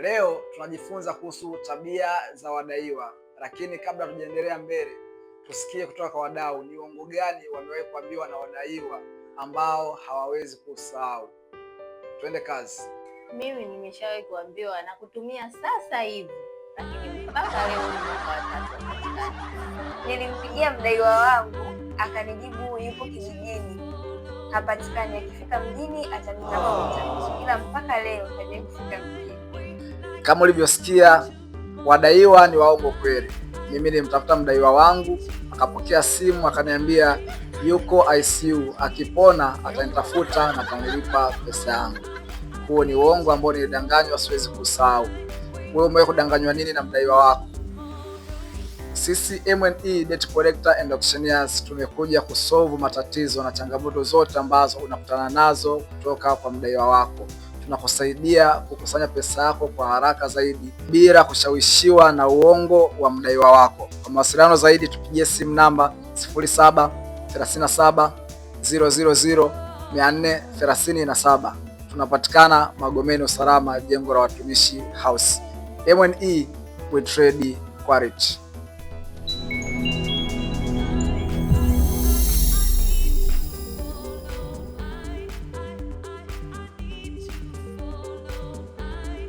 Leo tunajifunza kuhusu tabia za wadaiwa, lakini kabla tujaendelea mbele, tusikie kutoka kwa wadau ni uongo gani wamewahi kuambiwa na wadaiwa ambao hawawezi kusahau. Twende kazi. Mimi nimeshawahi kuambiwa na kutumia sasa hivi, lakini mpaka leo nilimpigia mdaiwa wangu akanijibu yupo kijijini hapatikani, akifika mjini atanitafuta, ila mpaka leo hajafika mjini. Kama ulivyosikia, wadaiwa ni waongo kweli. Mimi nilimtafuta mdaiwa wangu, akapokea simu akaniambia yuko ICU, akipona atanitafuta na atanilipa pesa yangu. Huo ni uongo ambao nilidanganywa, siwezi kusahau. Wewe umewahi kudanganywa nini na mdaiwa wako? Sisi M&E Debt Collector and Auctioneers tumekuja kusolve matatizo na changamoto zote ambazo unakutana nazo kutoka kwa mdaiwa wako tunakusaidia kukusanya pesa yako kwa haraka zaidi bila kushawishiwa na uongo wa mdaiwa wako. Kwa mawasiliano zaidi tupigie simu namba 0737000437. Tunapatikana Magomeni Usalama, jengo la watumishi house. M&E we trade quality.